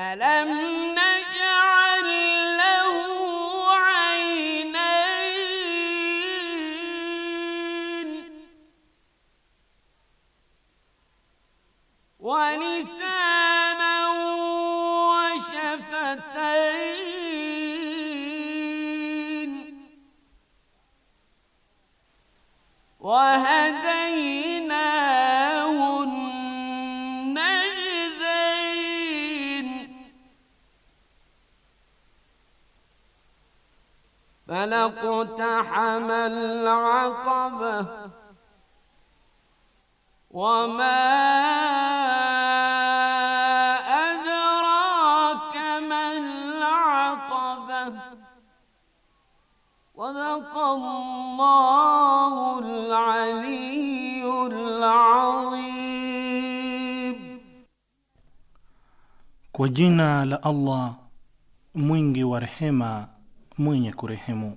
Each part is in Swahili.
ألم نجعل اقتحم العقبة وما أدراك ما العقبة صدق الله العلي العظيم Kwa jina la Allah mwingi wa rehema mwenye kurehemu.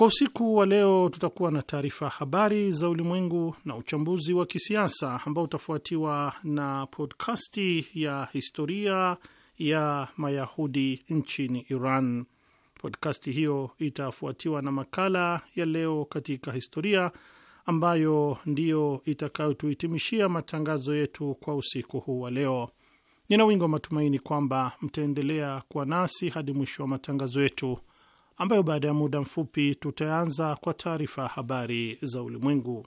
Kwa usiku wa leo tutakuwa na taarifa ya habari za ulimwengu na uchambuzi wa kisiasa ambao utafuatiwa na podkasti ya historia ya Mayahudi nchini Iran. Podkasti hiyo itafuatiwa na makala ya leo katika historia ambayo ndiyo itakayotuhitimishia matangazo yetu kwa usiku huu wa leo. Nina wingi wa matumaini kwamba mtaendelea kuwa nasi hadi mwisho wa matangazo yetu ambayo baada ya muda mfupi tutaanza kwa taarifa ya habari za ulimwengu.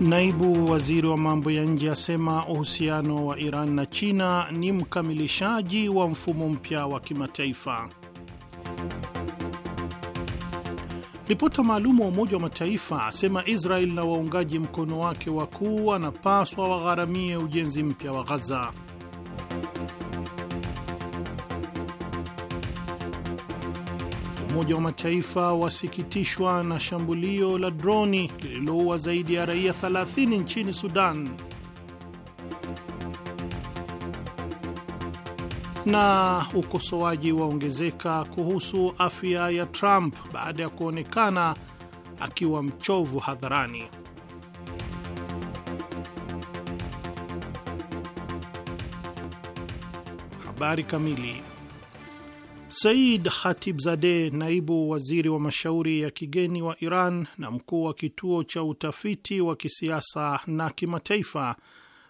Naibu waziri wa mambo ya nje asema uhusiano wa Iran na China ni mkamilishaji wa mfumo mpya wa kimataifa. Ripota maalum wa Umoja wa Mataifa asema Israel na waungaji mkono wake wakuu wanapaswa wagharamie ujenzi mpya wa Ghaza. Umoja wa Mataifa wasikitishwa na shambulio la droni lililoua zaidi ya raia 30 nchini Sudan. Na ukosoaji waongezeka kuhusu afya ya Trump baada ya kuonekana akiwa mchovu hadharani. Habari kamili Said Khatibzadeh, naibu waziri wa mashauri ya kigeni wa Iran na mkuu wa kituo cha utafiti wa kisiasa na kimataifa,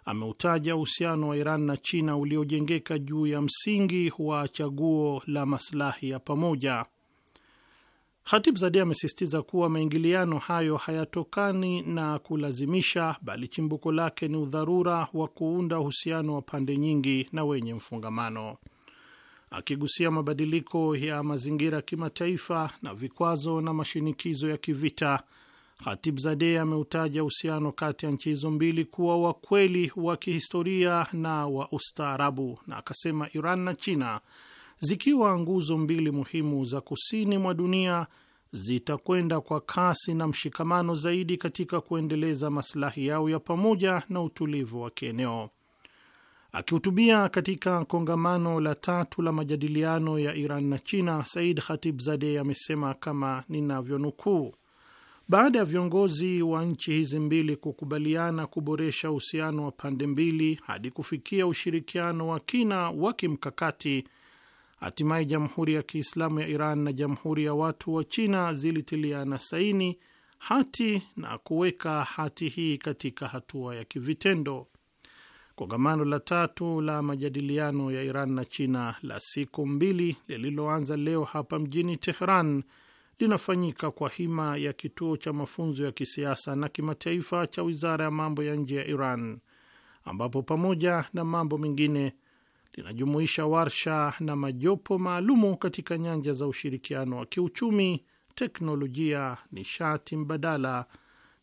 ameutaja uhusiano wa Iran na China uliojengeka juu ya msingi wa chaguo la maslahi ya pamoja. Khatibzadeh amesisitiza kuwa maingiliano hayo hayatokani na kulazimisha, bali chimbuko lake ni udharura wa kuunda uhusiano wa pande nyingi na wenye mfungamano akigusia mabadiliko ya mazingira ya kimataifa na vikwazo na mashinikizo ya kivita, zade ameutaja uhusiano kati ya nchi hizo mbili kuwa wa kweli wa kihistoria na wa ustaarabu, na akasema Iran na China zikiwa nguzo mbili muhimu za kusini mwa dunia zitakwenda kwa kasi na mshikamano zaidi katika kuendeleza maslahi yao ya pamoja na utulivu wa kieneo. Akihutubia katika kongamano la tatu la majadiliano ya Iran na China, Said Khatibzadeh amesema kama ninavyonukuu, baada ya viongozi wa nchi hizi mbili kukubaliana kuboresha uhusiano wa pande mbili hadi kufikia ushirikiano wa kina wa kimkakati, hatimaye Jamhuri ya Kiislamu ya Iran na Jamhuri ya Watu wa China zilitiliana saini hati na kuweka hati hii katika hatua ya kivitendo. Kongamano la tatu la majadiliano ya Iran na China la siku mbili lililoanza leo hapa mjini Tehran linafanyika kwa hima ya kituo cha mafunzo ya kisiasa na kimataifa cha Wizara ya Mambo ya Nje ya Iran, ambapo pamoja na mambo mengine linajumuisha warsha na majopo maalumu katika nyanja za ushirikiano wa kiuchumi, teknolojia, nishati mbadala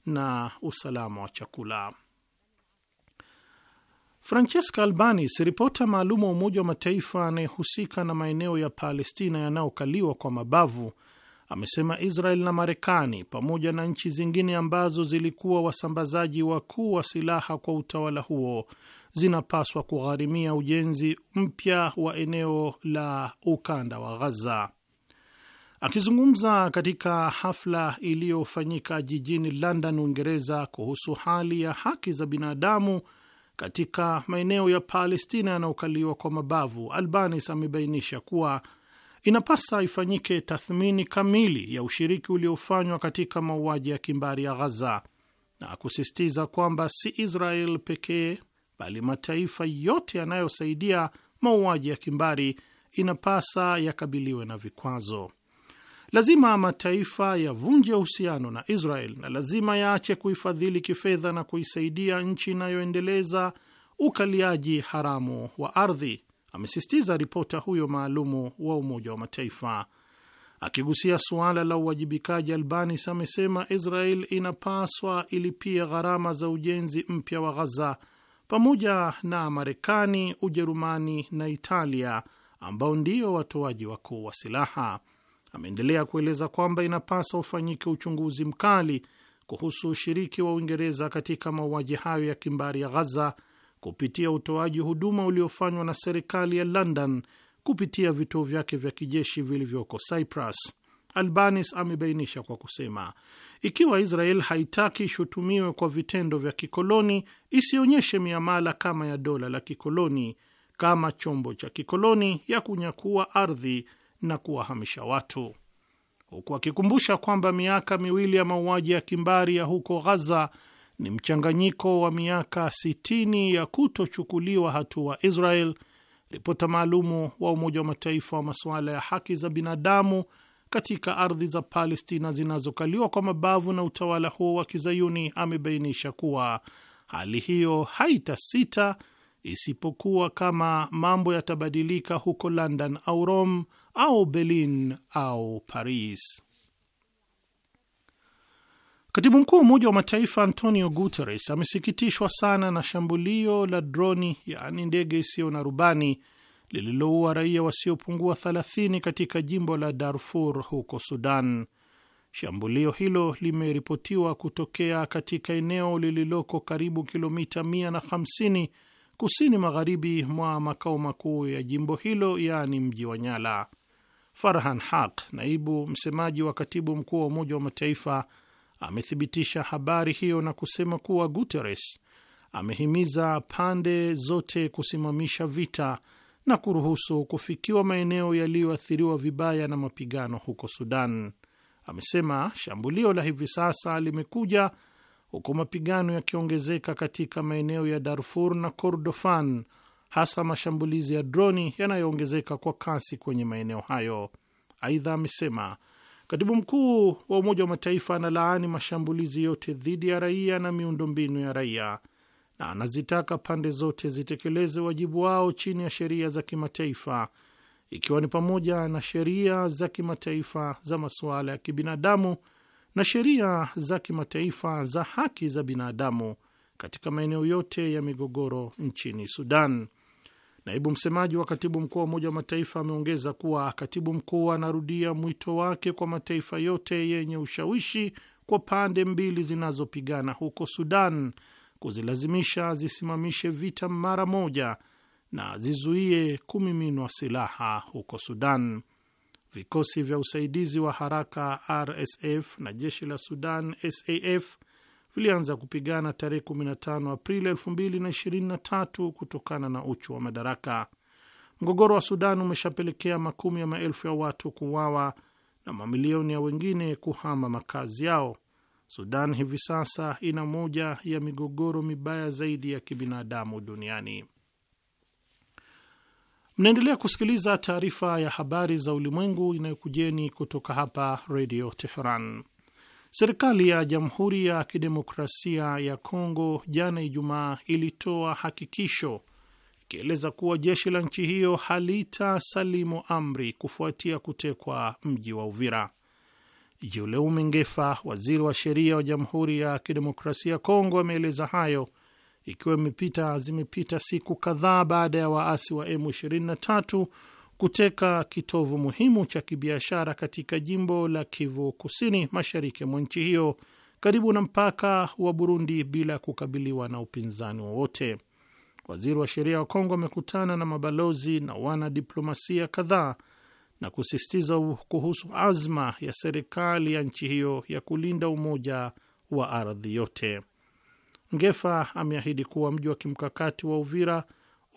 na usalama wa chakula. Francesca Albanis, ripota maalum wa Umoja wa Mataifa anayehusika na maeneo ya Palestina yanayokaliwa kwa mabavu, amesema Israel na Marekani pamoja na nchi zingine ambazo zilikuwa wasambazaji wakuu wa silaha kwa utawala huo zinapaswa kugharimia ujenzi mpya wa eneo la ukanda wa Ghaza. Akizungumza katika hafla iliyofanyika jijini London, Uingereza, kuhusu hali ya haki za binadamu katika maeneo ya Palestina yanayokaliwa kwa mabavu, Albanis amebainisha kuwa inapasa ifanyike tathmini kamili ya ushiriki uliofanywa katika mauaji ya kimbari ya Ghaza na kusisitiza kwamba si Israel pekee bali mataifa yote yanayosaidia mauaji ya kimbari inapasa yakabiliwe na vikwazo lazima mataifa yavunje uhusiano na Israel na lazima yaache kuifadhili kifedha na kuisaidia nchi inayoendeleza ukaliaji haramu wa ardhi, amesisitiza ripota huyo maalumu wa Umoja wa Mataifa. Akigusia suala la uwajibikaji, Albanis amesema Israel inapaswa ilipia gharama za ujenzi mpya wa Ghaza pamoja na Marekani, Ujerumani na Italia ambao ndio watoaji wakuu wa silaha ameendelea kueleza kwamba inapasa ufanyike uchunguzi mkali kuhusu ushiriki wa Uingereza katika mauaji hayo ya kimbari ya Ghaza kupitia utoaji huduma uliofanywa na serikali ya London kupitia vituo vyake vya kijeshi vilivyoko Cyprus. Albanis amebainisha kwa kusema, ikiwa Israel haitaki ishutumiwe kwa vitendo vya kikoloni, isionyeshe miamala kama ya dola la kikoloni, kama chombo cha kikoloni ya kunyakua ardhi na kuwahamisha watu, huku akikumbusha kwamba miaka miwili ya mauaji ya kimbari ya huko Ghaza ni mchanganyiko wa miaka 60 ya kutochukuliwa hatua Israel. Ripota maalumu wa Umoja wa Mataifa wa masuala ya haki za binadamu katika ardhi za Palestina zinazokaliwa kwa mabavu na utawala huo wa kizayuni amebainisha kuwa hali hiyo haitasita isipokuwa kama mambo yatabadilika huko London au Rome au Berlin au Paris. Katibu mkuu wa Umoja wa Mataifa Antonio Guterres amesikitishwa sana na shambulio la droni, yaani ndege isiyo na rubani, lililoua raia wasiopungua 30 katika jimbo la Darfur huko Sudan. Shambulio hilo limeripotiwa kutokea katika eneo lililoko karibu kilomita 150 kusini magharibi mwa makao makuu ya jimbo hilo, yaani mji wa Nyala. Farhan Haq, naibu msemaji wa katibu mkuu wa Umoja wa Mataifa, amethibitisha habari hiyo na kusema kuwa Guterres amehimiza pande zote kusimamisha vita na kuruhusu kufikiwa maeneo yaliyoathiriwa vibaya na mapigano huko Sudan. Amesema shambulio la hivi sasa limekuja huku mapigano yakiongezeka katika maeneo ya Darfur na Kordofan hasa mashambulizi ya droni yanayoongezeka kwa kasi kwenye maeneo hayo. Aidha amesema katibu mkuu wa Umoja wa Mataifa analaani mashambulizi yote dhidi ya raia na miundombinu ya raia na anazitaka pande zote zitekeleze wajibu wao chini ya sheria za kimataifa ikiwa ni pamoja na sheria za kimataifa za masuala ya kibinadamu na sheria za kimataifa za haki za binadamu katika maeneo yote ya migogoro nchini Sudan. Naibu msemaji wa katibu mkuu wa Umoja wa Mataifa ameongeza kuwa katibu mkuu anarudia mwito wake kwa mataifa yote yenye ushawishi kwa pande mbili zinazopigana huko Sudan kuzilazimisha zisimamishe vita mara moja na zizuie kumiminwa silaha huko Sudan. Vikosi vya usaidizi wa haraka RSF na jeshi la Sudan SAF vilianza kupigana tarehe 15 Aprili 2023 kutokana na uchu wa madaraka. Mgogoro wa Sudan umeshapelekea makumi ya maelfu ya watu kuuawa na mamilioni ya wengine kuhama makazi yao. Sudan hivi sasa ina moja ya migogoro mibaya zaidi ya kibinadamu duniani. Mnaendelea kusikiliza taarifa ya habari za ulimwengu inayokujeni kutoka hapa Redio Teheran. Serikali ya Jamhuri ya Kidemokrasia ya Kongo jana Ijumaa ilitoa hakikisho ikieleza kuwa jeshi la nchi hiyo halita salimu amri kufuatia kutekwa mji wa Uvira. Julius Mingefa, waziri wa sheria wa Jamhuri ya Kidemokrasia ya Kongo, ameeleza hayo ikiwa imepita zimepita siku kadhaa baada ya waasi wa M23 kuteka kitovu muhimu cha kibiashara katika jimbo la Kivu Kusini, mashariki mwa nchi hiyo karibu na mpaka wa Burundi bila kukabiliwa na upinzani wowote. Waziri wa sheria wa Kongo amekutana na mabalozi na wanadiplomasia kadhaa na kusisitiza kuhusu azma ya serikali ya nchi hiyo ya kulinda umoja wa ardhi yote. Ngefa ameahidi kuwa mji wa kimkakati wa Uvira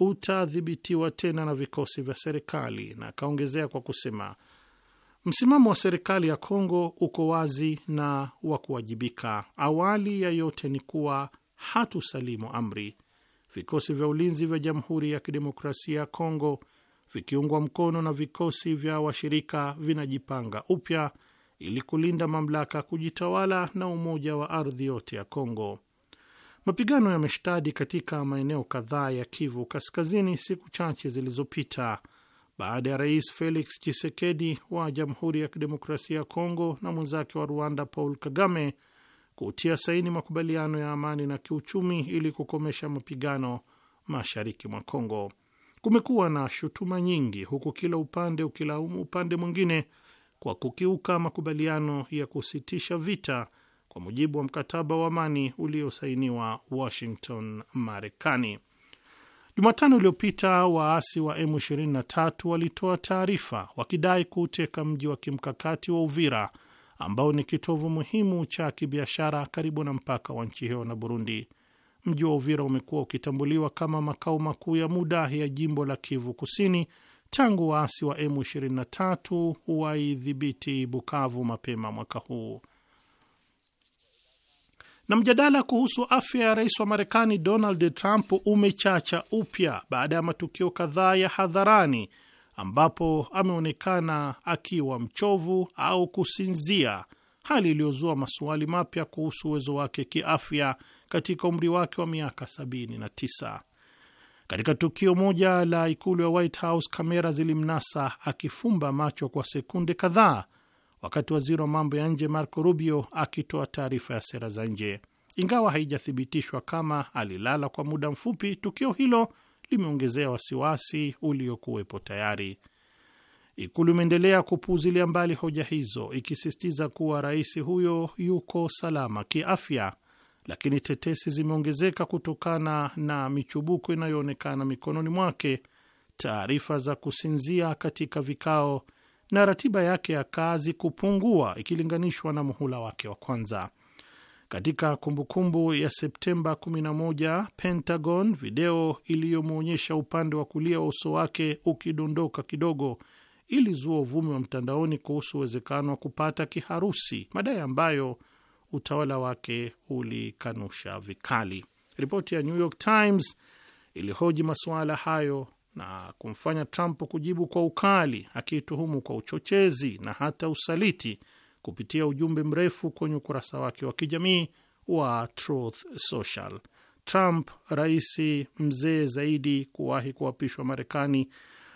utadhibitiwa tena na vikosi vya serikali, na akaongezea kwa kusema msimamo wa serikali ya Kongo uko wazi na wa kuwajibika. Awali ya yote ni kuwa hatusalimu amri. Vikosi vya ulinzi vya Jamhuri ya Kidemokrasia ya Kongo vikiungwa mkono na vikosi vya washirika vinajipanga upya ili kulinda mamlaka kujitawala na umoja wa ardhi yote ya Kongo. Mapigano yameshtadi katika maeneo kadhaa ya Kivu Kaskazini siku chache zilizopita baada ya Rais Felix Tshisekedi wa Jamhuri ya Kidemokrasia ya Kongo na mwenzake wa Rwanda Paul Kagame kutia saini makubaliano ya amani na kiuchumi ili kukomesha mapigano mashariki mwa Kongo. Kumekuwa na shutuma nyingi, huku kila upande ukilaumu upande mwingine kwa kukiuka makubaliano ya kusitisha vita kwa mujibu wa mkataba wa amani uliosainiwa Washington, Marekani. Jumatano iliyopita waasi wa M23 walitoa taarifa wakidai kuuteka mji wa kimkakati wa Uvira ambao ni kitovu muhimu cha kibiashara karibu na mpaka wa nchi hiyo na Burundi. Mji wa Uvira umekuwa ukitambuliwa kama makao makuu ya muda ya jimbo la Kivu Kusini tangu waasi wa M23 waidhibiti Bukavu mapema mwaka huu. Na mjadala kuhusu afya ya rais wa Marekani Donald Trump umechacha upya baada ya matukio kadhaa ya hadharani ambapo ameonekana akiwa mchovu au kusinzia, hali iliyozua maswali mapya kuhusu uwezo wake kiafya katika umri wake wa miaka 79. Katika tukio moja la ikulu ya White House, kamera zilimnasa akifumba macho kwa sekunde kadhaa wakati waziri wa mambo ya nje Marco Rubio akitoa taarifa ya sera za nje. Ingawa haijathibitishwa kama alilala kwa muda mfupi, tukio hilo limeongezea wasiwasi uliokuwepo tayari. Ikulu imeendelea kupuuzilia mbali hoja hizo, ikisisitiza kuwa rais huyo yuko salama kiafya, lakini tetesi zimeongezeka kutokana na michubuko inayoonekana mikononi mwake, taarifa za kusinzia katika vikao na ratiba yake ya kazi kupungua ikilinganishwa na muhula wake wa kwanza. Katika kumbukumbu kumbu ya Septemba 11, Pentagon, video iliyomwonyesha upande wa kulia wa uso wake ukidondoka kidogo ilizua uvumi wa mtandaoni kuhusu uwezekano wa kupata kiharusi, madai ambayo utawala wake ulikanusha vikali. Ripoti ya New York Times ilihoji masuala hayo na kumfanya Trump kujibu kwa ukali, akiituhumu kwa uchochezi na hata usaliti kupitia ujumbe mrefu kwenye ukurasa wake wa kijamii wa Truth Social. Trump, rais mzee zaidi kuwahi kuapishwa Marekani,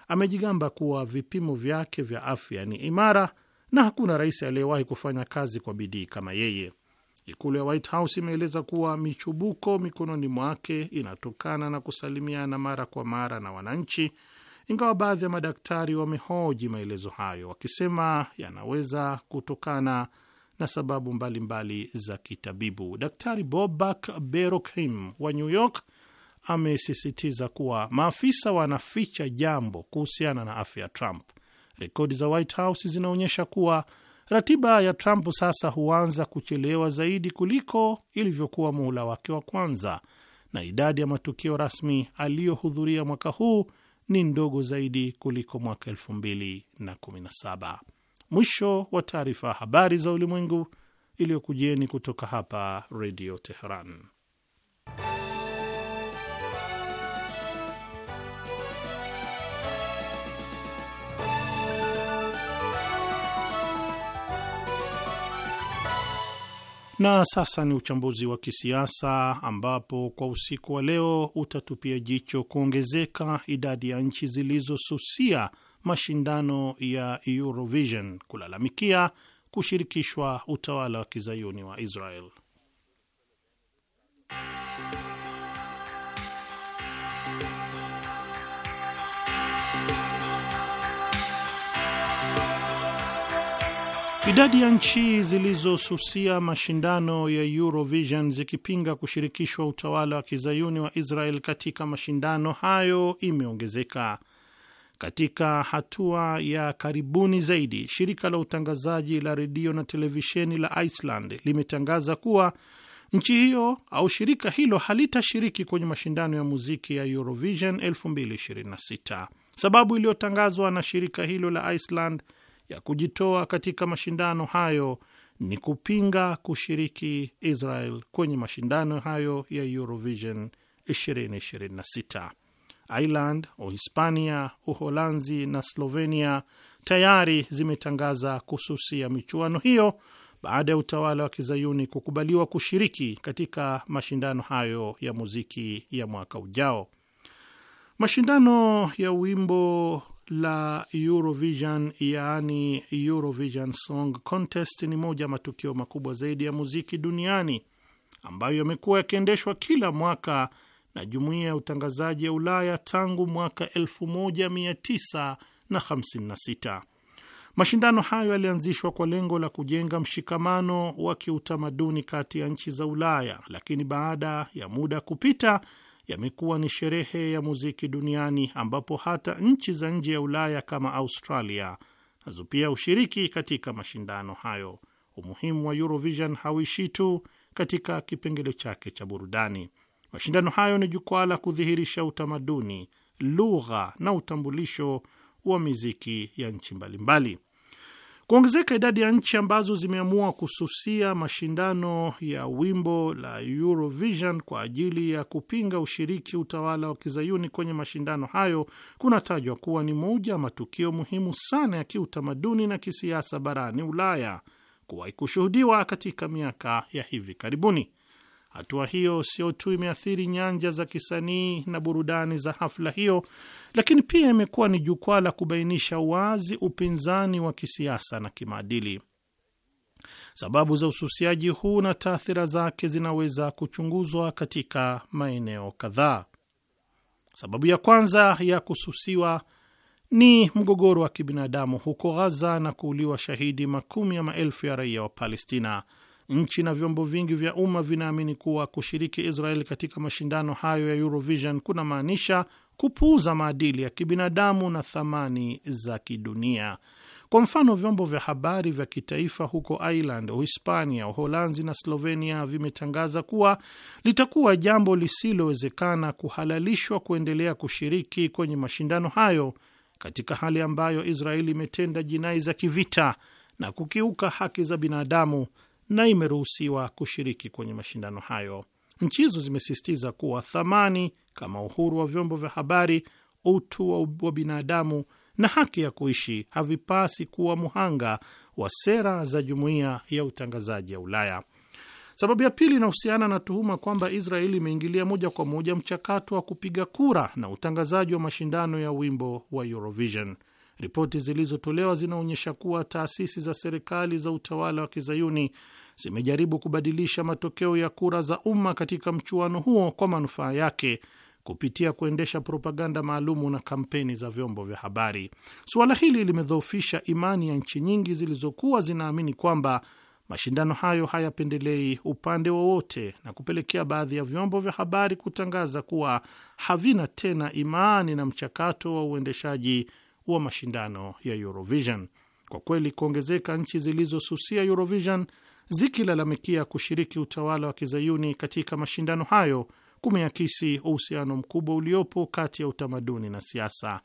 amejigamba kuwa vipimo vyake vya afya ni imara na hakuna rais aliyewahi kufanya kazi kwa bidii kama yeye. Ikulu ya White House imeeleza kuwa michubuko mikononi mwake inatokana na kusalimiana mara kwa mara na wananchi, ingawa baadhi ya madaktari wamehoji maelezo hayo wakisema yanaweza kutokana na sababu mbalimbali mbali za kitabibu. Daktari Bobak Berokim wa New York amesisitiza kuwa maafisa wanaficha jambo kuhusiana na afya ya Trump. Rekodi za White House zinaonyesha kuwa Ratiba ya Trump sasa huanza kuchelewa zaidi kuliko ilivyokuwa muhula wake wa kwanza, na idadi ya matukio rasmi aliyohudhuria mwaka huu ni ndogo zaidi kuliko mwaka 2017. Mwisho wa taarifa ya habari za ulimwengu iliyokujieni kutoka hapa Redio Teheran. Na sasa ni uchambuzi wa kisiasa ambapo kwa usiku wa leo utatupia jicho kuongezeka idadi ya nchi zilizosusia mashindano ya Eurovision kulalamikia kushirikishwa utawala wa kizayuni wa Israel. Idadi ya nchi zilizosusia mashindano ya Eurovision zikipinga kushirikishwa utawala wa kizayuni wa Israel katika mashindano hayo imeongezeka. Katika hatua ya karibuni zaidi, shirika la utangazaji la redio na televisheni la Iceland limetangaza kuwa nchi hiyo au shirika hilo halitashiriki kwenye mashindano ya muziki ya Eurovision 2026. Sababu iliyotangazwa na shirika hilo la Iceland ya kujitoa katika mashindano hayo ni kupinga kushiriki Israel kwenye mashindano hayo ya Eurovision 2026. Ireland, Uhispania, Uholanzi na Slovenia tayari zimetangaza kususia michuano hiyo baada ya utawala wa kizayuni kukubaliwa kushiriki katika mashindano hayo ya muziki ya mwaka ujao. Mashindano ya wimbo la Eurovision yaani Eurovision Song Contest ni moja ya matukio makubwa zaidi ya muziki duniani ambayo yamekuwa yakiendeshwa kila mwaka na jumuiya ya utangazaji ya Ulaya tangu mwaka 1956. Mashindano hayo yalianzishwa kwa lengo la kujenga mshikamano wa kiutamaduni kati ya nchi za Ulaya, lakini baada ya muda kupita yamekuwa ni sherehe ya muziki duniani ambapo hata nchi za nje ya Ulaya kama Australia nazo pia ushiriki katika mashindano hayo. Umuhimu wa Eurovision hauishi tu katika kipengele chake cha burudani. Mashindano hayo ni jukwaa la kudhihirisha utamaduni, lugha na utambulisho wa miziki ya nchi mbalimbali. Kuongezeka idadi ya nchi ambazo zimeamua kususia mashindano ya wimbo la Eurovision kwa ajili ya kupinga ushiriki utawala wa kizayuni kwenye mashindano hayo kunatajwa kuwa ni moja ya matukio muhimu sana ya kiutamaduni na kisiasa barani Ulaya kuwahi kushuhudiwa katika miaka ya hivi karibuni. Hatua hiyo sio tu imeathiri nyanja za kisanii na burudani za hafla hiyo, lakini pia imekuwa ni jukwaa la kubainisha wazi upinzani wa kisiasa na kimaadili. Sababu za ususiaji huu na taathira zake zinaweza kuchunguzwa katika maeneo kadhaa. Sababu ya kwanza ya kususiwa ni mgogoro wa kibinadamu huko Ghaza na kuuliwa shahidi makumi ya maelfu ya raia wa Palestina. Nchi na vyombo vingi vya umma vinaamini kuwa kushiriki Israel katika mashindano hayo ya Eurovision maanisha kupuuza maadili ya kibinadamu na thamani za kidunia. Kwa mfano, vyombo vya habari vya kitaifa huko Ireland, Uhispania, Uholanzi na Slovenia vimetangaza kuwa litakuwa jambo lisilowezekana kuhalalishwa kuendelea kushiriki kwenye mashindano hayo katika hali ambayo Israeli imetenda jinai za kivita na kukiuka haki za binadamu na imeruhusiwa kushiriki kwenye mashindano hayo. Nchi hizo zimesisitiza kuwa thamani kama uhuru wa vyombo vya habari, utu wa binadamu na haki ya kuishi havipasi kuwa muhanga wa sera za jumuiya ya utangazaji ya Ulaya. Sababu ya pili inahusiana na tuhuma kwamba Israeli imeingilia moja kwa moja mchakato wa kupiga kura na utangazaji wa mashindano ya wimbo wa Eurovision. Ripoti zilizotolewa zinaonyesha kuwa taasisi za serikali za utawala wa kizayuni zimejaribu kubadilisha matokeo ya kura za umma katika mchuano huo kwa manufaa yake kupitia kuendesha propaganda maalumu na kampeni za vyombo vya habari. Suala hili limedhoofisha imani ya nchi nyingi zilizokuwa zinaamini kwamba mashindano hayo hayapendelei upande wowote na kupelekea baadhi ya vyombo vya habari kutangaza kuwa havina tena imani na mchakato wa uendeshaji wa mashindano ya Eurovision. Kwa kweli, kuongezeka nchi zilizosusia Eurovision zikilalamikia kushiriki utawala wa kizayuni katika mashindano hayo kumeakisi uhusiano mkubwa uliopo kati ya utamaduni na siasa.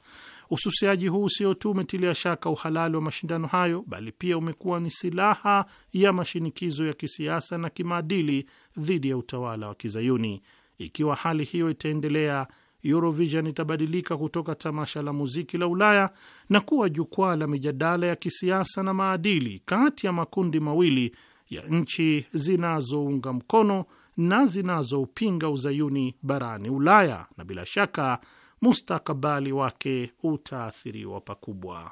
Ususiaji huu sio tu umetilia shaka uhalali wa mashindano hayo, bali pia umekuwa ni silaha ya mashinikizo ya kisiasa na kimaadili dhidi ya utawala wa kizayuni. Ikiwa hali hiyo itaendelea, Eurovision itabadilika kutoka tamasha la muziki la Ulaya na kuwa jukwaa la mijadala ya kisiasa na maadili kati ya makundi mawili ya nchi zinazounga mkono na zinazoupinga uzayuni barani Ulaya, na bila shaka mustakabali wake utaathiriwa pakubwa.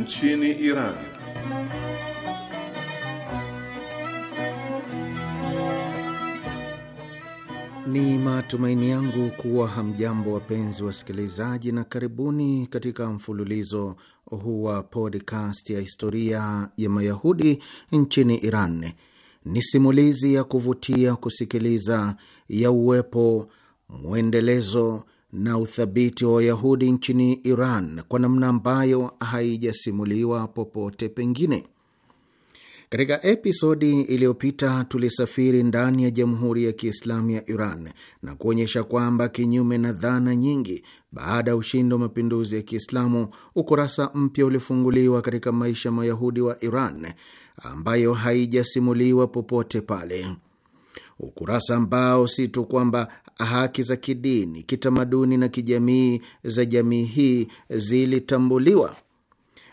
nchini Iran. Ni matumaini yangu kuwa hamjambo wapenzi wasikilizaji, na karibuni katika mfululizo huu wa podcast ya historia ya Mayahudi nchini Iran. Ni simulizi ya kuvutia kusikiliza ya uwepo, mwendelezo na uthabiti wa Wayahudi nchini Iran kwa namna ambayo haijasimuliwa popote pengine. Katika episodi iliyopita tulisafiri ndani ya Jamhuri ya Kiislamu ya Iran na kuonyesha kwamba kinyume na dhana nyingi, baada ya ushindi wa mapinduzi ya Kiislamu, ukurasa mpya ulifunguliwa katika maisha ya Mayahudi wa Iran ambayo haijasimuliwa popote pale ukurasa ambao si tu kwamba haki za kidini, kitamaduni na kijamii za jamii hii zilitambuliwa,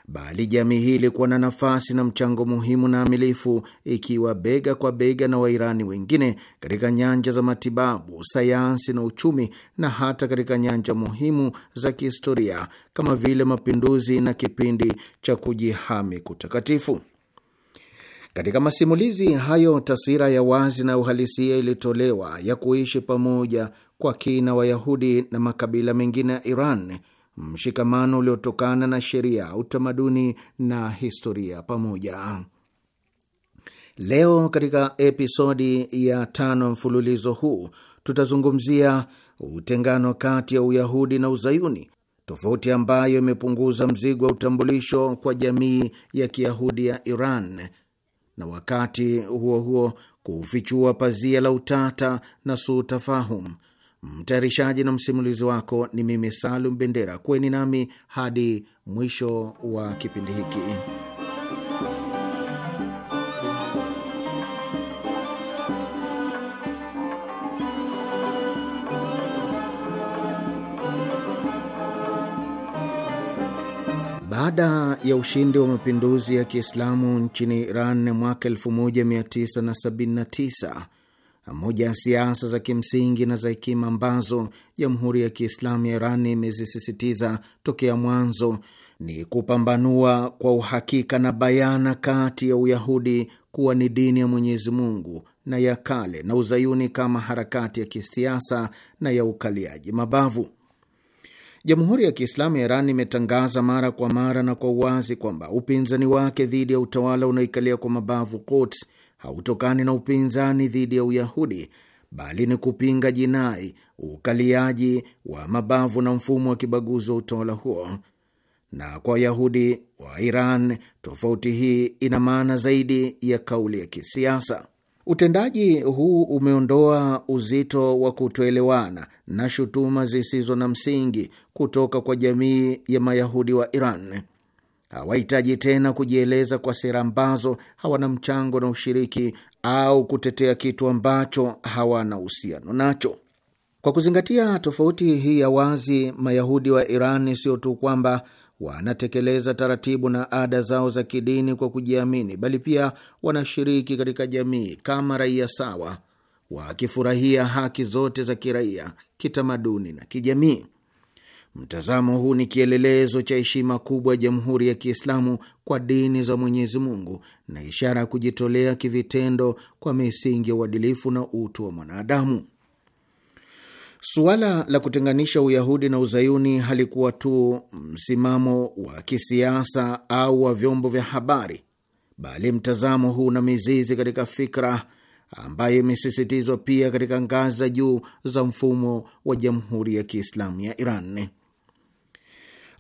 bali jamii hii ilikuwa na nafasi na mchango muhimu na amilifu, ikiwa bega kwa bega na Wairani wengine katika nyanja za matibabu, sayansi na uchumi, na hata katika nyanja muhimu za kihistoria kama vile mapinduzi na kipindi cha kujihami kutakatifu. Katika masimulizi hayo, taswira ya wazi na uhalisia ilitolewa ya kuishi pamoja kwa kina Wayahudi na makabila mengine ya Iran, mshikamano uliotokana na sheria, utamaduni na historia pamoja. Leo katika episodi ya tano mfululizo huu tutazungumzia utengano kati ya Uyahudi na Uzayuni, tofauti ambayo imepunguza mzigo wa utambulisho kwa jamii ya Kiyahudi ya Iran na wakati huo huo kufichua pazia la utata na sutafahum. Mtayarishaji na msimulizi wako ni mimi Salum Bendera. Kuweni nami hadi mwisho wa kipindi hiki. Baada ya ushindi wa mapinduzi ya Kiislamu nchini Iran mwaka 1979, moja ya siasa za kimsingi na za hekima ambazo Jamhuri ya Kiislamu ya Iran imezisisitiza tokea mwanzo ni kupambanua kwa uhakika na bayana kati ya Uyahudi kuwa ni dini ya Mwenyezi Mungu na ya kale na Uzayuni kama harakati ya kisiasa na ya ukaliaji mabavu. Jamhuri ya Kiislamu ya Iran imetangaza mara kwa mara na kwa uwazi kwamba upinzani wake dhidi ya utawala unaoikalia kwa mabavu Quds hautokani na upinzani dhidi ya Uyahudi bali ni kupinga jinai, ukaliaji wa mabavu na mfumo wa kibaguzi wa utawala huo. Na kwa Wayahudi wa Iran tofauti hii ina maana zaidi ya kauli ya kisiasa. Utendaji huu umeondoa uzito wa kutoelewana na shutuma zisizo na msingi kutoka kwa jamii ya Mayahudi wa Iran. Hawahitaji tena kujieleza kwa sera ambazo hawana mchango na ushiriki au kutetea kitu ambacho hawana uhusiano nacho. Kwa kuzingatia tofauti hii ya wazi, Mayahudi wa Iran sio tu kwamba wanatekeleza taratibu na ada zao za kidini kwa kujiamini, bali pia wanashiriki katika jamii kama raia sawa, wakifurahia haki zote za kiraia, kitamaduni na kijamii. Mtazamo huu ni kielelezo cha heshima kubwa ya Jamhuri ya Kiislamu kwa dini za Mwenyezi Mungu na ishara ya kujitolea kivitendo kwa misingi ya uadilifu na utu wa mwanadamu. Suala la kutenganisha Uyahudi na Uzayuni halikuwa tu msimamo wa kisiasa au wa vyombo vya habari, bali mtazamo huu na mizizi katika fikra ambayo imesisitizwa pia katika ngazi za juu za mfumo wa Jamhuri ya Kiislamu ya Iran.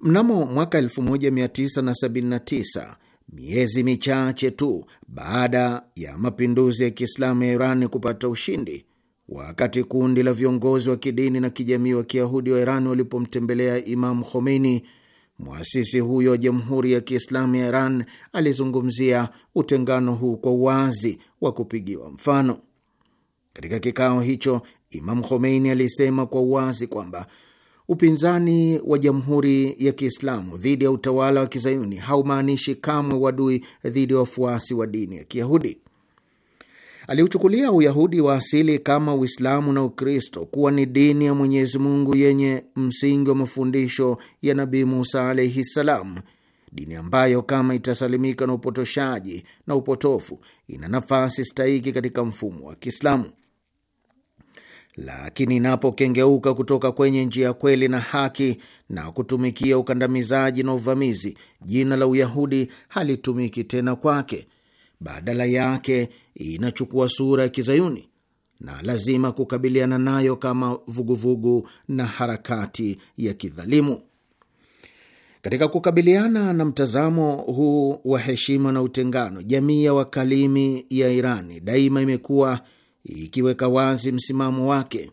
Mnamo mwaka 1979 miezi michache tu baada ya mapinduzi ya Kiislamu ya Iran kupata ushindi, Wakati kundi la viongozi wa kidini na kijamii wa Kiyahudi wa Iran walipomtembelea Imamu Khomeini, mwasisi huyo wa Jamhuri ya Kiislamu ya Iran alizungumzia utengano huu kwa uwazi wa kupigiwa mfano. Katika kikao hicho, Imamu Khomeini alisema kwa uwazi kwamba upinzani wa Jamhuri ya Kiislamu dhidi ya utawala wa kizayuni haumaanishi kamwe uadui dhidi ya wafuasi wa dini ya Kiyahudi. Aliuchukulia Uyahudi wa asili kama Uislamu na Ukristo kuwa ni dini ya Mwenyezi Mungu yenye msingi wa mafundisho ya Nabii Musa alaihi ssalam, dini ambayo kama itasalimika na upotoshaji na upotofu ina nafasi stahiki katika mfumo wa Kiislamu, lakini inapokengeuka kutoka kwenye njia ya kweli na haki na kutumikia ukandamizaji na uvamizi, jina la Uyahudi halitumiki tena kwake badala yake inachukua sura ya kizayuni na lazima kukabiliana nayo kama vuguvugu vugu na harakati ya kidhalimu. Katika kukabiliana na mtazamo huu wa heshima na utengano, jamii ya wakalimi ya Irani daima imekuwa ikiweka wazi msimamo wake.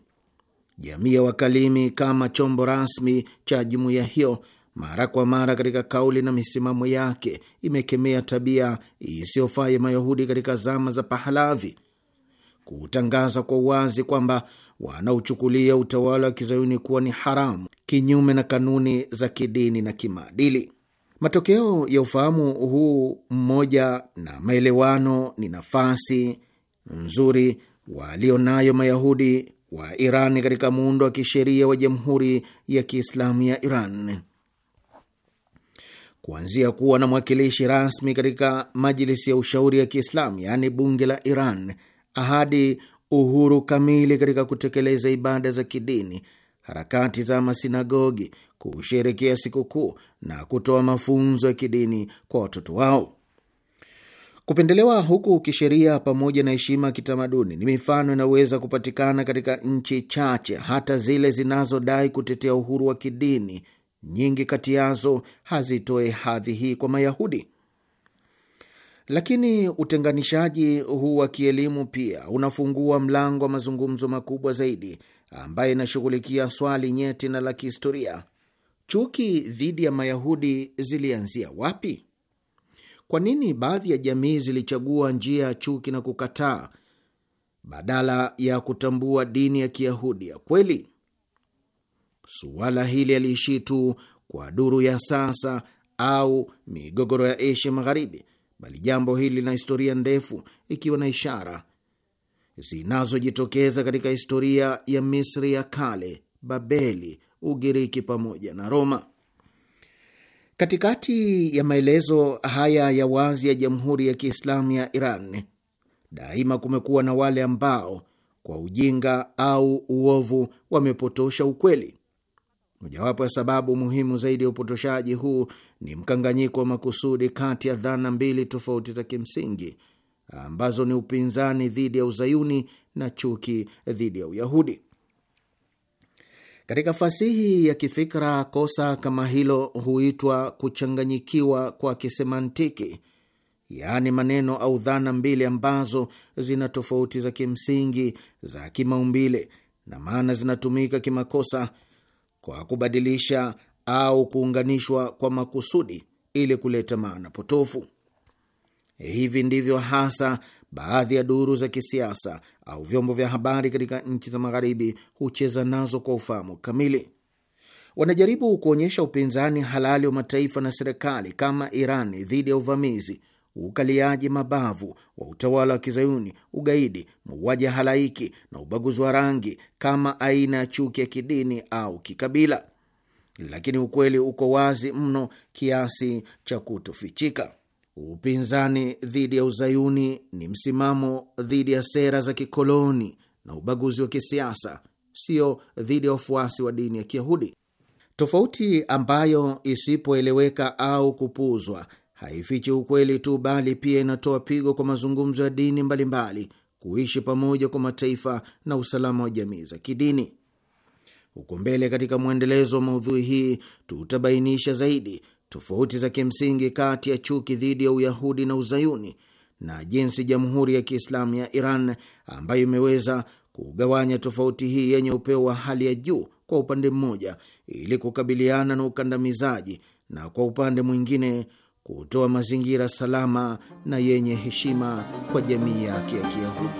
Jamii ya wakalimi kama chombo rasmi cha jumuiya hiyo mara kwa mara katika kauli na misimamo yake imekemea tabia isiyofaa ya Mayahudi katika zama za Pahalavi, kutangaza kwa uwazi kwamba wanauchukulia utawala wa kizayuni kuwa ni haramu, kinyume na kanuni za kidini na kimaadili. Matokeo ya ufahamu huu mmoja na maelewano ni nafasi nzuri walionayo Mayahudi wa Irani katika muundo wa kisheria wa Jamhuri ya Kiislamu ya Iran kuanzia kuwa na mwakilishi rasmi katika Majilisi ya Ushauri ya Kiislamu, yaani bunge la Iran, ahadi uhuru kamili katika kutekeleza ibada za kidini, harakati za masinagogi, kusherekea sikukuu na kutoa mafunzo ya kidini kwa watoto wao. Kupendelewa huku kisheria pamoja na heshima ya kitamaduni ni mifano inayoweza kupatikana katika nchi chache, hata zile zinazodai kutetea uhuru wa kidini nyingi kati yazo hazitoe hadhi hii kwa Mayahudi. Lakini utenganishaji huu wa kielimu pia unafungua mlango wa mazungumzo makubwa zaidi ambaye inashughulikia swali nyeti na la kihistoria: chuki dhidi ya Mayahudi zilianzia wapi? Kwa nini baadhi ya jamii zilichagua njia ya chuki na kukataa badala ya kutambua dini ya Kiyahudi ya kweli? Suala hili aliishi tu kwa duru ya sasa au migogoro ya Asia Magharibi, bali jambo hili lina historia ndefu, ikiwa na ishara zinazojitokeza katika historia ya Misri ya kale, Babeli, Ugiriki pamoja na Roma. Katikati ya maelezo haya ya wazi ya Jamhuri ya Kiislamu ya Iran, daima kumekuwa na wale ambao kwa ujinga au uovu wamepotosha ukweli. Mojawapo ya sababu muhimu zaidi ya upotoshaji huu ni mkanganyiko wa makusudi kati ya dhana mbili tofauti za kimsingi ambazo ni upinzani dhidi ya uzayuni na chuki dhidi ya Uyahudi. Katika fasihi ya kifikra, kosa kama hilo huitwa kuchanganyikiwa kwa kisemantiki, yaani maneno au dhana mbili ambazo zina tofauti za kimsingi za kimaumbile na maana zinatumika kimakosa kwa kubadilisha au kuunganishwa kwa makusudi ili kuleta maana potofu. Hivi ndivyo hasa baadhi ya duru za kisiasa au vyombo vya habari katika nchi za Magharibi hucheza nazo kwa ufahamu kamili. Wanajaribu kuonyesha upinzani halali wa mataifa na serikali kama iran dhidi ya uvamizi ukaliaji mabavu wa utawala wa Kizayuni, ugaidi, mauaji ya halaiki na ubaguzi wa rangi kama aina ya chuki ya kidini au kikabila, lakini ukweli uko wazi mno kiasi cha kutofichika. Upinzani dhidi ya uzayuni ni msimamo dhidi ya sera za kikoloni na ubaguzi wa kisiasa, sio dhidi ya wafuasi wa dini ya Kiyahudi. Tofauti ambayo isipoeleweka au kupuuzwa haifichi ukweli tu, bali pia inatoa pigo kwa mazungumzo ya dini mbalimbali mbali, kuishi pamoja kwa mataifa na usalama wa jamii za kidini. Huko mbele katika mwendelezo wa maudhui hii tutabainisha zaidi tofauti za kimsingi kati ya chuki dhidi ya Uyahudi na Uzayuni na jinsi Jamhuri ya Kiislamu ya Iran ambayo imeweza kugawanya tofauti hii yenye upeo wa hali ya juu kwa upande mmoja ili kukabiliana na ukandamizaji na kwa upande mwingine kutoa mazingira salama na yenye heshima kwa jamii yake ya Kiyahudi.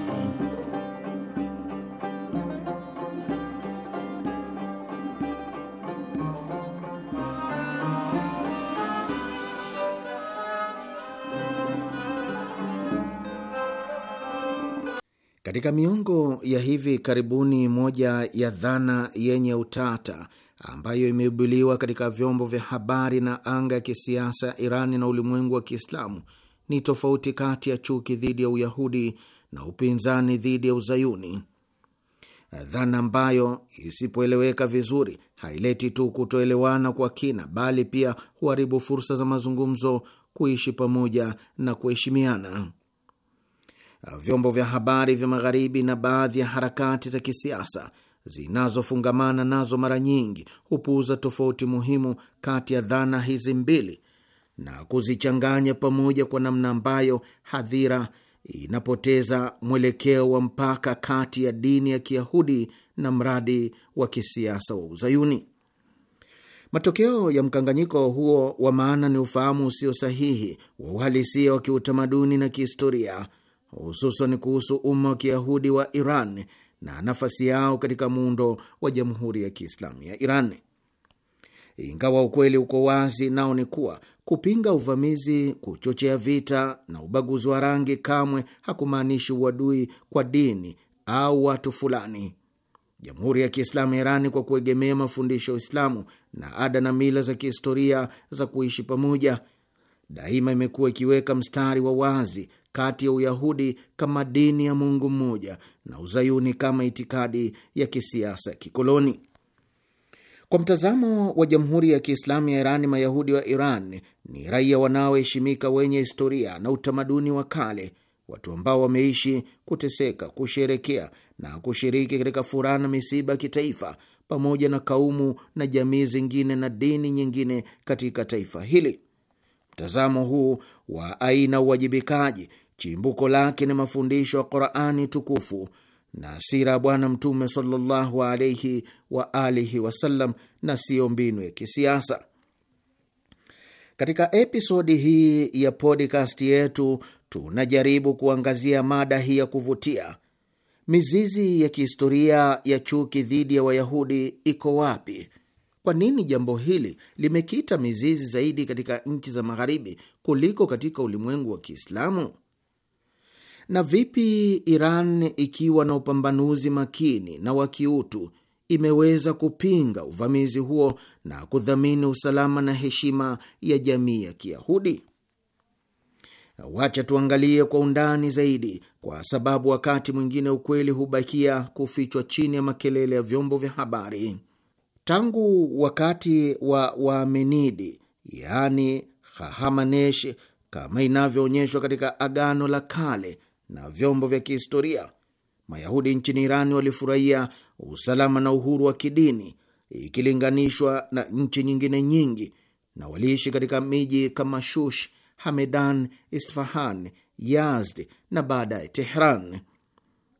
Katika miongo ya hivi karibuni, moja ya dhana yenye utata ambayo imeibuliwa katika vyombo vya habari na anga ya kisiasa ya Irani na ulimwengu wa Kiislamu ni tofauti kati ya chuki dhidi ya Uyahudi na upinzani dhidi ya Uzayuni, dhana ambayo isipoeleweka vizuri haileti tu kutoelewana kwa kina, bali pia huharibu fursa za mazungumzo, kuishi pamoja na kuheshimiana. Vyombo vya habari vya Magharibi na baadhi ya harakati za kisiasa zinazofungamana nazo mara nyingi hupuuza tofauti muhimu kati ya dhana hizi mbili na kuzichanganya pamoja kwa namna ambayo hadhira inapoteza mwelekeo wa mpaka kati ya dini ya Kiyahudi na mradi wa kisiasa wa Uzayuni. Matokeo ya mkanganyiko huo wa maana ni ufahamu usio sahihi wa uhalisia wa kiutamaduni na kihistoria, hususan kuhusu umma wa Kiyahudi wa Iran na nafasi yao katika muundo wa Jamhuri ya Kiislamu ya Iran. Ingawa ukweli uko wazi nao ni kuwa kupinga uvamizi, kuchochea vita na ubaguzi wa rangi kamwe hakumaanishi uadui kwa dini au watu fulani. Jamhuri ya Kiislamu ya Irani, kwa kuegemea mafundisho ya Uislamu na ada na mila za kihistoria za kuishi pamoja, daima imekuwa ikiweka mstari wa wazi kati ya Uyahudi kama dini ya Mungu mmoja na Uzayuni kama itikadi ya kisiasa kikoloni. Kwa mtazamo wa Jamhuri ya Kiislamu ya Irani, Mayahudi wa Iran ni raia wanaoheshimika wenye historia na utamaduni wa kale, watu ambao wameishi kuteseka, kusherekea na kushiriki katika furaha na misiba ya kitaifa pamoja na kaumu na jamii zingine na dini nyingine katika taifa hili. Mtazamo huu wa aina uwajibikaji Chimbuko lake ni mafundisho ya Qurani tukufu na asira ya Bwana Mtume sallallahu alaihi wa alihi wasallam, na siyo mbinu ya kisiasa. Katika episodi hii ya podcast yetu tunajaribu kuangazia mada hii ya kuvutia: mizizi ya kihistoria ya chuki dhidi ya Wayahudi iko wapi? Kwa nini jambo hili limekita mizizi zaidi katika nchi za Magharibi kuliko katika ulimwengu wa Kiislamu? Na vipi Iran ikiwa na upambanuzi makini na wa kiutu imeweza kupinga uvamizi huo na kudhamini usalama na heshima ya jamii ya Kiyahudi? Wacha tuangalie kwa undani zaidi, kwa sababu wakati mwingine ukweli hubakia kufichwa chini ya makelele ya vyombo vya habari. Tangu wakati wa Waamenidi, yaani Hahamanesh, kama inavyoonyeshwa katika Agano la Kale, na vyombo vya kihistoria, Mayahudi nchini Irani walifurahia usalama na uhuru wa kidini ikilinganishwa na nchi nyingine nyingi, na waliishi katika miji kama Shush, Hamedan, Isfahan, Yazd na baadaye Tehran.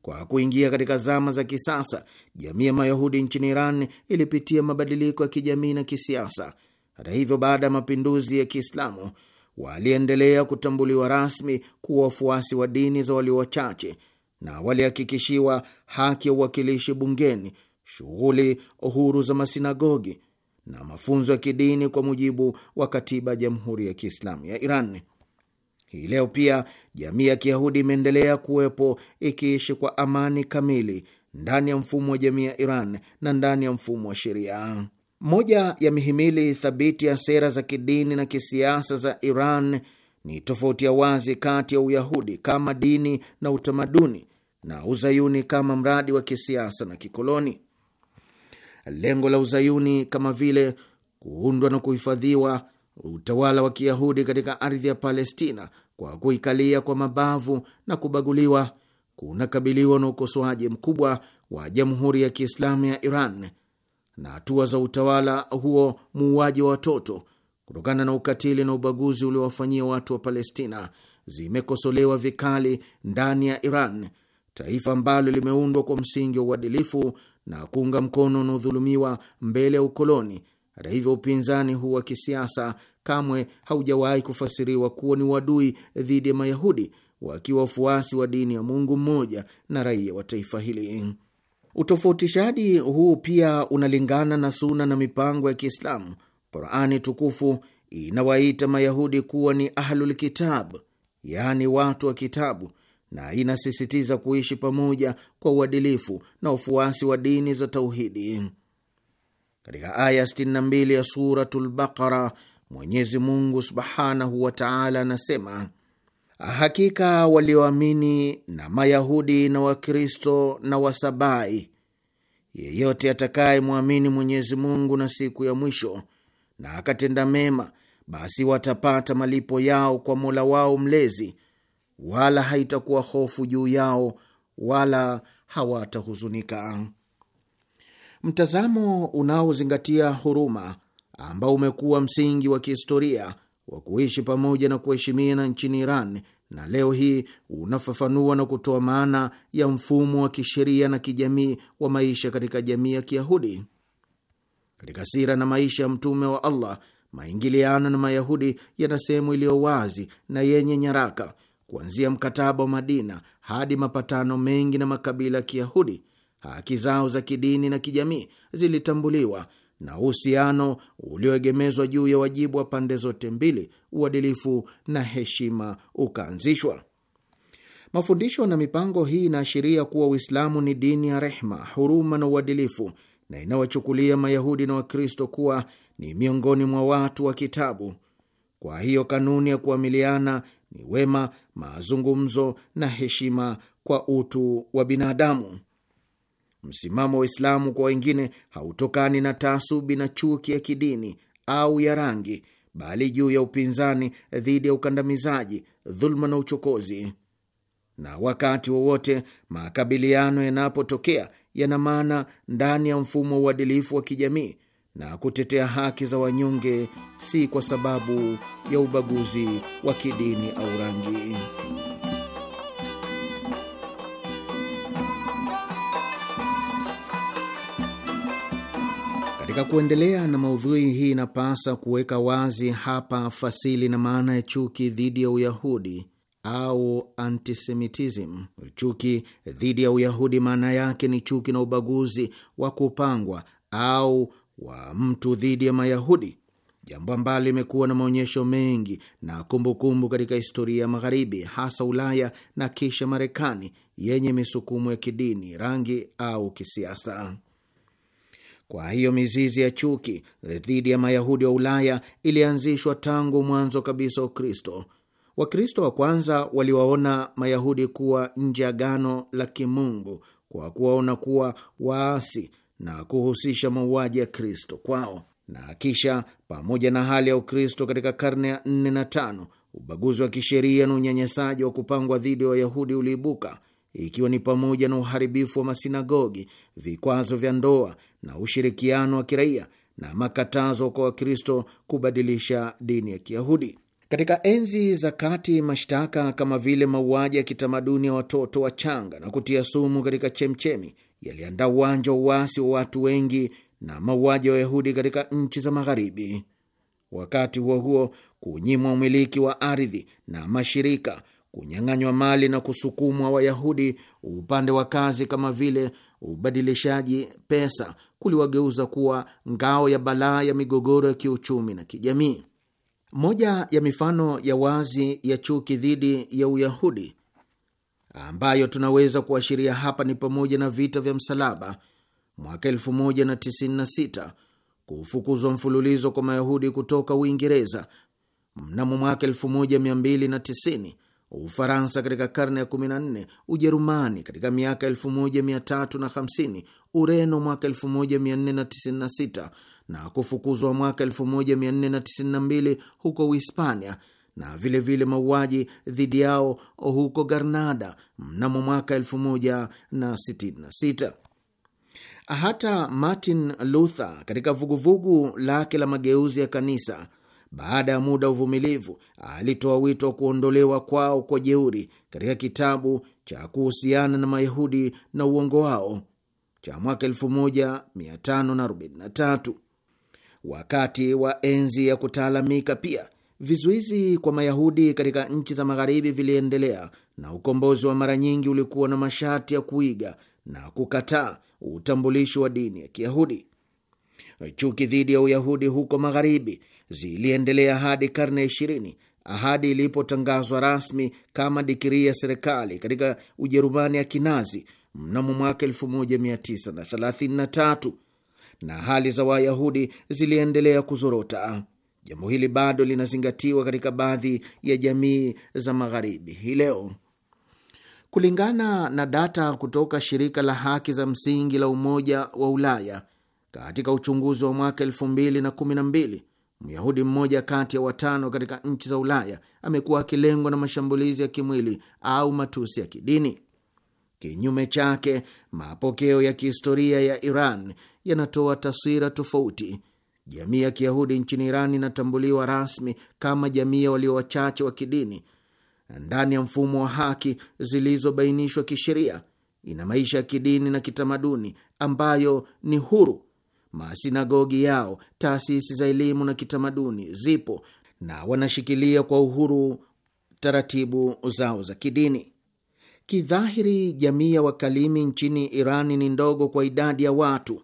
Kwa kuingia katika zama za kisasa, jamii ya Mayahudi nchini Iran ilipitia mabadiliko ya kijamii na kisiasa. Hata hivyo, baada ya mapinduzi ya Kiislamu, waliendelea kutambuliwa rasmi kuwa wafuasi wa dini za walio wachache na walihakikishiwa haki ya uwakilishi bungeni, shughuli uhuru za masinagogi na mafunzo ya kidini kwa mujibu wa katiba ya Jamhuri ya Kiislamu ya Iran. Hii leo pia jamii ya Kiyahudi imeendelea kuwepo ikiishi kwa amani kamili ndani ya mfumo wa jamii ya Iran na ndani ya mfumo wa sheria. Moja ya mihimili thabiti ya sera za kidini na kisiasa za Iran ni tofauti ya wazi kati ya Uyahudi kama dini na utamaduni na Uzayuni kama mradi wa kisiasa na kikoloni. Lengo la Uzayuni kama vile kuundwa na kuhifadhiwa utawala wa Kiyahudi katika ardhi ya Palestina kwa kuikalia kwa mabavu na kubaguliwa kunakabiliwa na ukosoaji mkubwa wa Jamhuri ya Kiislamu ya Iran na hatua za utawala huo muuaji wa watoto kutokana na ukatili na ubaguzi uliowafanyia watu wa Palestina zimekosolewa vikali ndani ya Iran, taifa ambalo limeundwa kwa msingi wa uadilifu na kuunga mkono unaodhulumiwa mbele ya ukoloni. Hata hivyo, upinzani huu wa kisiasa kamwe haujawahi kufasiriwa kuwa ni uadui dhidi ya Mayahudi, wakiwa wafuasi wa dini ya Mungu mmoja na raia wa taifa hili. Utofautishaji huu pia unalingana na suna na mipango ya Kiislamu. Qurani tukufu inawaita Mayahudi kuwa ni Ahlulkitab, yaani watu wa kitabu, na inasisitiza kuishi pamoja kwa uadilifu na ufuasi wa dini za tauhidi. Katika aya 62 ya Suratul Baqara, Mwenyezi Mungu subhanahu wa taala anasema Hakika walioamini na Mayahudi na Wakristo na Wasabai, yeyote atakayemwamini Mwenyezi Mungu na siku ya mwisho na akatenda mema, basi watapata malipo yao kwa Mola wao Mlezi, wala haitakuwa hofu juu yao wala hawatahuzunika. Mtazamo unaozingatia huruma ambao umekuwa msingi wa kihistoria wa kuishi pamoja na kuheshimiana nchini Iran, na leo hii unafafanua na kutoa maana ya mfumo wa kisheria na kijamii wa maisha katika jamii ya Kiyahudi. Katika sira na maisha ya Mtume wa Allah, maingiliano na Mayahudi yana sehemu iliyo wazi na yenye nyaraka, kuanzia mkataba wa Madina hadi mapatano mengi na makabila ya Kiyahudi. Haki zao za kidini na kijamii zilitambuliwa na uhusiano ulioegemezwa juu ya wajibu wa pande zote mbili, uadilifu na heshima ukaanzishwa. Mafundisho na mipango hii inaashiria kuwa Uislamu ni dini ya rehma, huruma na uadilifu, na inawachukulia Mayahudi na Wakristo kuwa ni miongoni mwa watu wa Kitabu. Kwa hiyo kanuni ya kuamiliana ni wema, mazungumzo na heshima kwa utu wa binadamu. Msimamo wa Uislamu kwa wengine hautokani na taasubi na chuki ya kidini au ya rangi, bali juu ya upinzani dhidi ya ukandamizaji, dhuluma na uchokozi. Na wakati wowote makabiliano yanapotokea, yana maana ndani ya mfumo wa uadilifu wa kijamii na kutetea haki za wanyonge, si kwa sababu ya ubaguzi wa kidini au rangi. Katika kuendelea na maudhui hii, inapasa kuweka wazi hapa fasili na maana ya chuki dhidi ya Uyahudi au antisemitism. Chuki dhidi ya Uyahudi maana yake ni chuki na ubaguzi wa kupangwa au wa mtu dhidi ya Mayahudi, jambo ambalo limekuwa na maonyesho mengi na kumbukumbu kumbu katika historia ya Magharibi, hasa Ulaya na kisha Marekani yenye misukumo ya kidini, rangi au kisiasa. Kwa hiyo mizizi ya chuki dhidi ya Mayahudi wa Ulaya ilianzishwa tangu mwanzo kabisa Ukristo. Wakristo wa kwanza waliwaona Mayahudi kuwa nje ya gano la kimungu kwa kuwaona kuwa waasi na kuhusisha mauaji ya Kristo kwao, na kisha pamoja na hali ya Ukristo katika karne ya nne na tano, ubaguzi wa kisheria na unyanyasaji wa kupangwa dhidi ya Wayahudi uliibuka ikiwa ni pamoja na uharibifu wa masinagogi, vikwazo vya ndoa na ushirikiano wa kiraia na makatazo kwa Wakristo kubadilisha dini ya Kiyahudi. Katika enzi za kati, mashtaka kama vile mauaji ya kitamaduni ya watoto wachanga na kutia sumu katika chemchemi yaliandaa uwanja wa uasi wa watu wengi na mauaji ya Wayahudi katika nchi za Magharibi. Wakati huo huo, kunyimwa umiliki wa ardhi na mashirika kunyang'anywa mali na kusukumwa Wayahudi upande wa kazi kama vile ubadilishaji pesa kuliwageuza kuwa ngao ya balaa ya migogoro ya kiuchumi na kijamii. Moja ya mifano ya wazi ya chuki dhidi ya Uyahudi ambayo tunaweza kuashiria hapa ni pamoja na vita vya msalaba mwaka 1096, kufukuzwa mfululizo kwa Mayahudi kutoka Uingereza mnamo mwaka 1290 Ufaransa katika karne ya 14, Ujerumani katika miaka 1350, Ureno mwaka 1496 na kufukuzwa mwaka 1492 huko Uhispania na vilevile mauaji dhidi yao huko garnada mnamo mwaka 1066. Hata Martin Luther katika vuguvugu lake la mageuzi ya kanisa baada ya muda uvumilivu, alitoa wito wa kuondolewa kwao kwa jeuri katika kitabu cha kuhusiana na Mayahudi na uongo wao cha mwaka 1543. Wakati wa enzi ya kutaalamika, pia vizuizi kwa Mayahudi katika nchi za magharibi viliendelea na ukombozi wa mara nyingi ulikuwa na masharti ya kuiga na kukataa utambulisho wa dini ya Kiyahudi. Chuki dhidi ya Uyahudi huko magharibi ziliendelea hadi karne ya ishirini ahadi ilipotangazwa rasmi kama dikirii ya serikali katika Ujerumani ya Kinazi mnamo mwaka 1933 na hali za Wayahudi ziliendelea kuzorota. Jambo hili bado linazingatiwa katika baadhi ya jamii za magharibi hii leo. Kulingana na data kutoka shirika la haki za msingi la Umoja wa Ulaya katika uchunguzi wa mwaka 2012 Myahudi mmoja kati ya watano katika nchi za Ulaya amekuwa akilengwa na mashambulizi ya kimwili au matusi ya kidini. Kinyume chake, mapokeo ya kihistoria ya Iran yanatoa taswira tofauti. Jamii ya Kiyahudi nchini Iran inatambuliwa rasmi kama jamii ya walio wachache wa kidini ndani ya mfumo wa haki zilizobainishwa kisheria. Ina maisha ya kidini na kitamaduni ambayo ni huru Masinagogi yao, taasisi za elimu na kitamaduni zipo na wanashikilia kwa uhuru taratibu zao za kidini. Kidhahiri, jamii ya Wakalimi nchini Irani ni ndogo kwa idadi ya watu,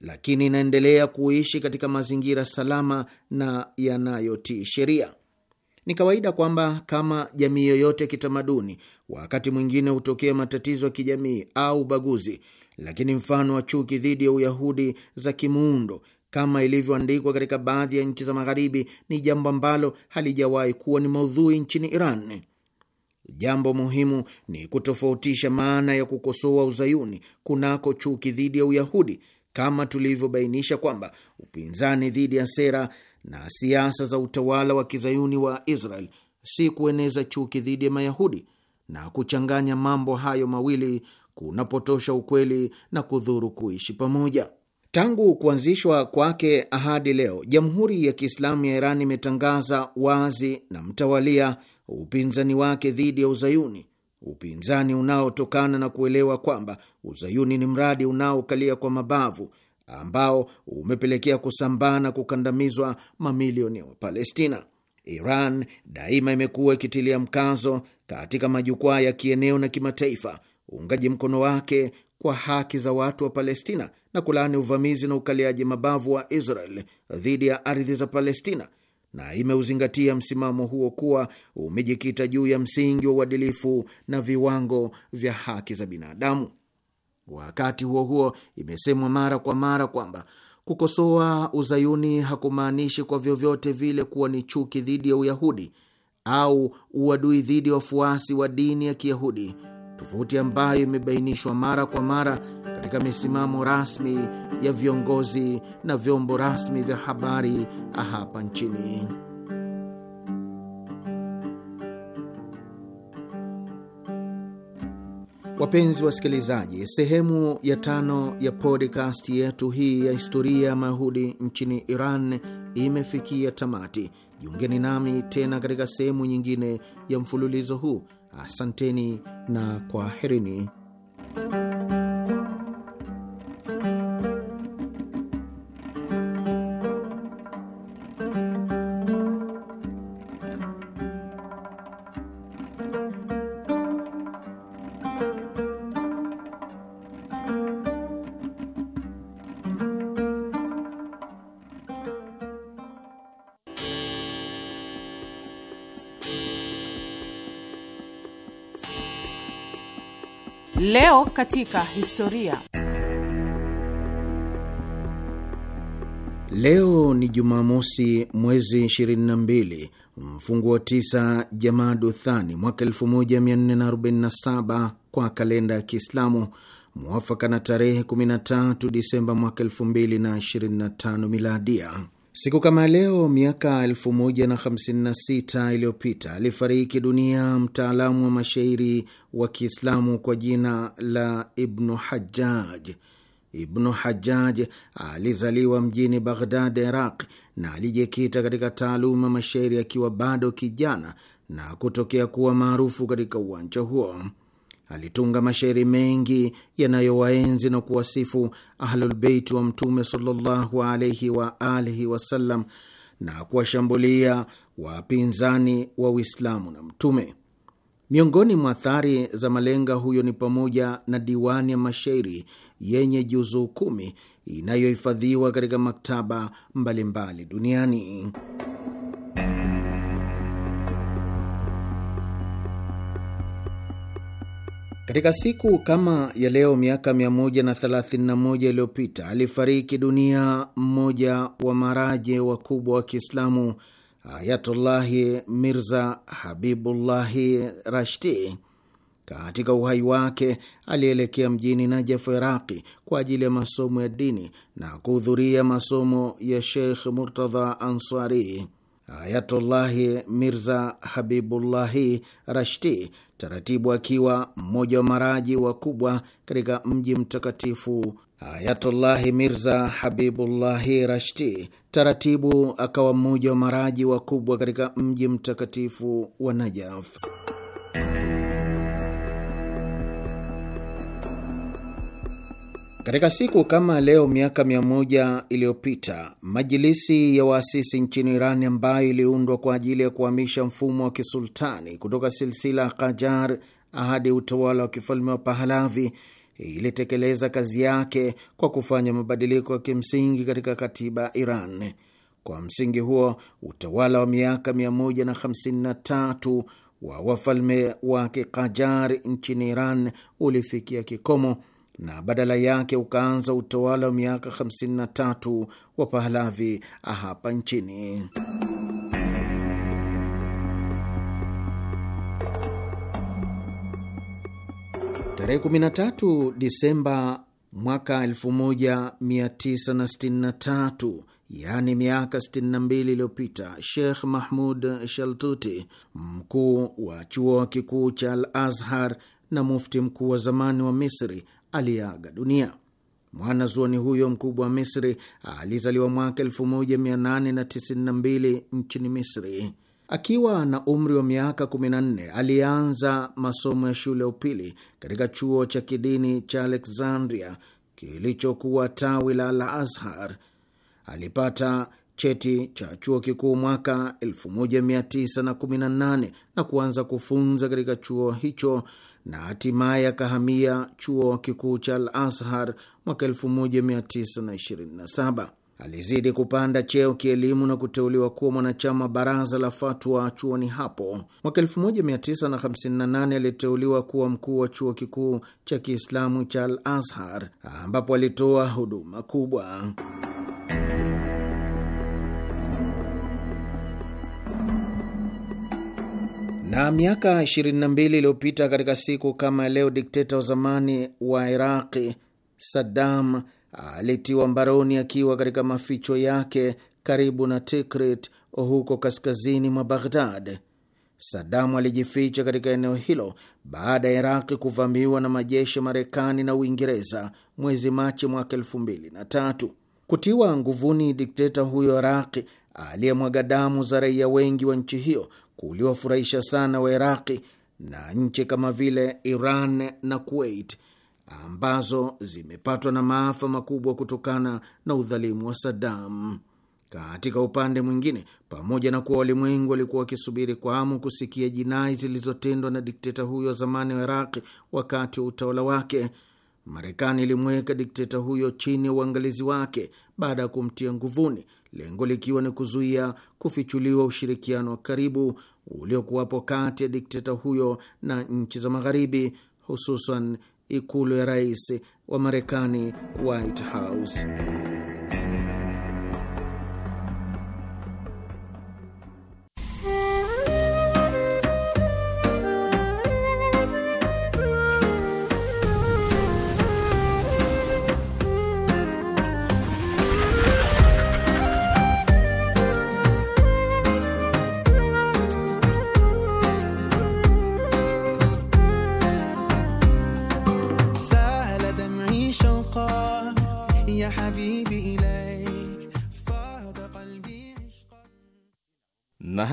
lakini inaendelea kuishi katika mazingira salama na yanayotii sheria. Ni kawaida kwamba kama jamii yoyote ya kitamaduni, wakati mwingine hutokea matatizo ya kijamii au ubaguzi lakini mfano wa chuki dhidi ya Uyahudi za kimuundo kama ilivyoandikwa katika baadhi ya nchi za Magharibi ni jambo ambalo halijawahi kuwa ni maudhui nchini Iran. Jambo muhimu ni kutofautisha maana ya kukosoa uzayuni kunako chuki dhidi ya Uyahudi, kama tulivyobainisha kwamba upinzani dhidi ya sera na siasa za utawala wa kizayuni wa Israel si kueneza chuki dhidi ya Mayahudi, na kuchanganya mambo hayo mawili kunapotosha ukweli na kudhuru kuishi pamoja. Tangu kuanzishwa kwake ahadi leo, Jamhuri ya Kiislamu ya Iran imetangaza wazi na mtawalia upinzani wake dhidi ya Uzayuni, upinzani unaotokana na kuelewa kwamba Uzayuni ni mradi unaokalia kwa mabavu ambao umepelekea kusambaa na kukandamizwa mamilioni ya Wapalestina. Iran daima imekuwa ikitilia mkazo katika majukwaa ya kieneo na kimataifa uungaji mkono wake kwa haki za watu wa Palestina na kulaani uvamizi na ukaliaji mabavu wa Israel dhidi ya ardhi za Palestina, na imeuzingatia msimamo huo kuwa umejikita juu ya msingi wa uadilifu na viwango vya haki za binadamu. Wakati huo huo, imesemwa mara kwa mara kwamba kukosoa uzayuni hakumaanishi kwa vyovyote vile kuwa ni chuki dhidi ya Uyahudi au uadui dhidi ya wafuasi wa dini ya Kiyahudi tofauti ambayo imebainishwa mara kwa mara katika misimamo rasmi ya viongozi na vyombo rasmi vya habari hapa nchini. Wapenzi wasikilizaji, sehemu ya tano ya podcast yetu hii ya historia ya Mayahudi nchini Iran imefikia tamati. Jiungeni nami tena katika sehemu nyingine ya mfululizo huu. Asanteni na kwaherini. katika historia. Leo ni Jumamosi, mwezi 22 mfungu wa 9 Jamadu Thani mwaka 1447 kwa kalenda ya Kiislamu, mwafaka na tarehe 13 Disemba mwaka 2025 miladia. Siku kama leo miaka 156 iliyopita alifariki dunia mtaalamu wa mashairi wa Kiislamu kwa jina la Ibnu Hajjaj. Ibnu Hajjaj alizaliwa mjini Baghdad, Iraq, na alijikita katika taaluma mashairi akiwa bado kijana na kutokea kuwa maarufu katika uwanja huo alitunga mashairi mengi yanayowaenzi na kuwasifu Ahlulbeiti wa Mtume sallallahu alaihi wa alihi wasallam na kuwashambulia wapinzani wa Uislamu na Mtume. Miongoni mwa athari za malenga huyo ni pamoja na diwani ya mashairi yenye juzuu kumi inayohifadhiwa katika maktaba mbalimbali mbali duniani. Katika siku kama ya leo miaka 131 iliyopita alifariki dunia mmoja wa maraje wakubwa wa Kiislamu, Ayatullahi Mirza Habibullahi Rashti. Katika uhai wake alielekea mjini Najafu, Iraqi, kwa ajili ya masomo ya dini na kuhudhuria masomo ya Sheikh Murtadha Ansari. Ayatullahi Mirza Habibullahi Rashti, taratibu akiwa mmoja wa maraji wakubwa katika mji mtakatifu. Ayatullahi Mirza Habibullahi Rashti, taratibu akawa mmoja wa maraji wakubwa katika mji mtakatifu wa Najaf. Katika siku kama leo miaka mia moja iliyopita majilisi ya waasisi nchini iran ambayo iliundwa kwa ajili ya kuhamisha mfumo wa kisultani kutoka silsila Kajar hadi utawala wa kifalme wa Pahalavi ilitekeleza kazi yake kwa kufanya mabadiliko ya kimsingi katika katiba ya Iran. Kwa msingi huo, utawala wa miaka 153 wa wafalme wa Kikajar nchini Iran ulifikia kikomo na badala yake ukaanza utawala wa miaka 53 wa Pahlavi hapa nchini. Tarehe 13 Disemba mwaka 1963 yaani miaka 62 iliyopita, Sheikh Mahmud Shaltuti, mkuu wa chuo kikuu cha Al Azhar na mufti mkuu wa zamani wa Misri, aliyeaga dunia. Mwanazuoni huyo mkubwa wa Misri alizaliwa mwaka 1892 nchini Misri. Akiwa na umri wa miaka 14 alianza masomo ya shule ya upili katika chuo cha kidini cha Alexandria kilichokuwa tawi la Al Azhar. Alipata cheti cha chuo kikuu mwaka 1918 na kuanza kufunza katika chuo hicho na hatimaye akahamia chuo kikuu cha Al Azhar mwaka 1927. Alizidi kupanda cheo kielimu na kuteuliwa kuwa mwanachama baraza la fatwa chuoni hapo. Mwaka 1958 aliteuliwa kuwa mkuu wa chuo kikuu cha Kiislamu cha Al Azhar ambapo alitoa huduma kubwa. Na miaka 22 iliyopita katika siku kama leo, dikteta wa zamani wa Iraqi Saddam alitiwa mbaroni akiwa katika maficho yake karibu na Tikrit huko kaskazini mwa Baghdad. Sadamu alijificha katika eneo hilo baada ya Iraqi kuvamiwa na majeshi ya Marekani na Uingereza mwezi Machi mwaka elfu mbili na tatu. Kutiwa nguvuni dikteta huyo Iraqi aliyemwaga damu za raia wengi wa nchi hiyo kuliwafurahisha sana Wairaqi na nchi kama vile Iran na Kuwait ambazo zimepatwa na maafa makubwa kutokana na udhalimu wa Saddam. Katika upande mwingine, pamoja na kuwa walimwengu walikuwa wakisubiri kwa hamu kusikia jinai zilizotendwa na dikteta huyo wa zamani wa Iraqi wakati wa utawala wake, Marekani ilimweka dikteta huyo chini ya uangalizi wake baada ya kumtia nguvuni lengo likiwa ni kuzuia kufichuliwa ushirikiano wa karibu uliokuwapo kati ya dikteta huyo na nchi za Magharibi, hususan ikulu ya rais wa Marekani, White House.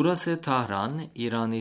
Burası Tahran, İranistan.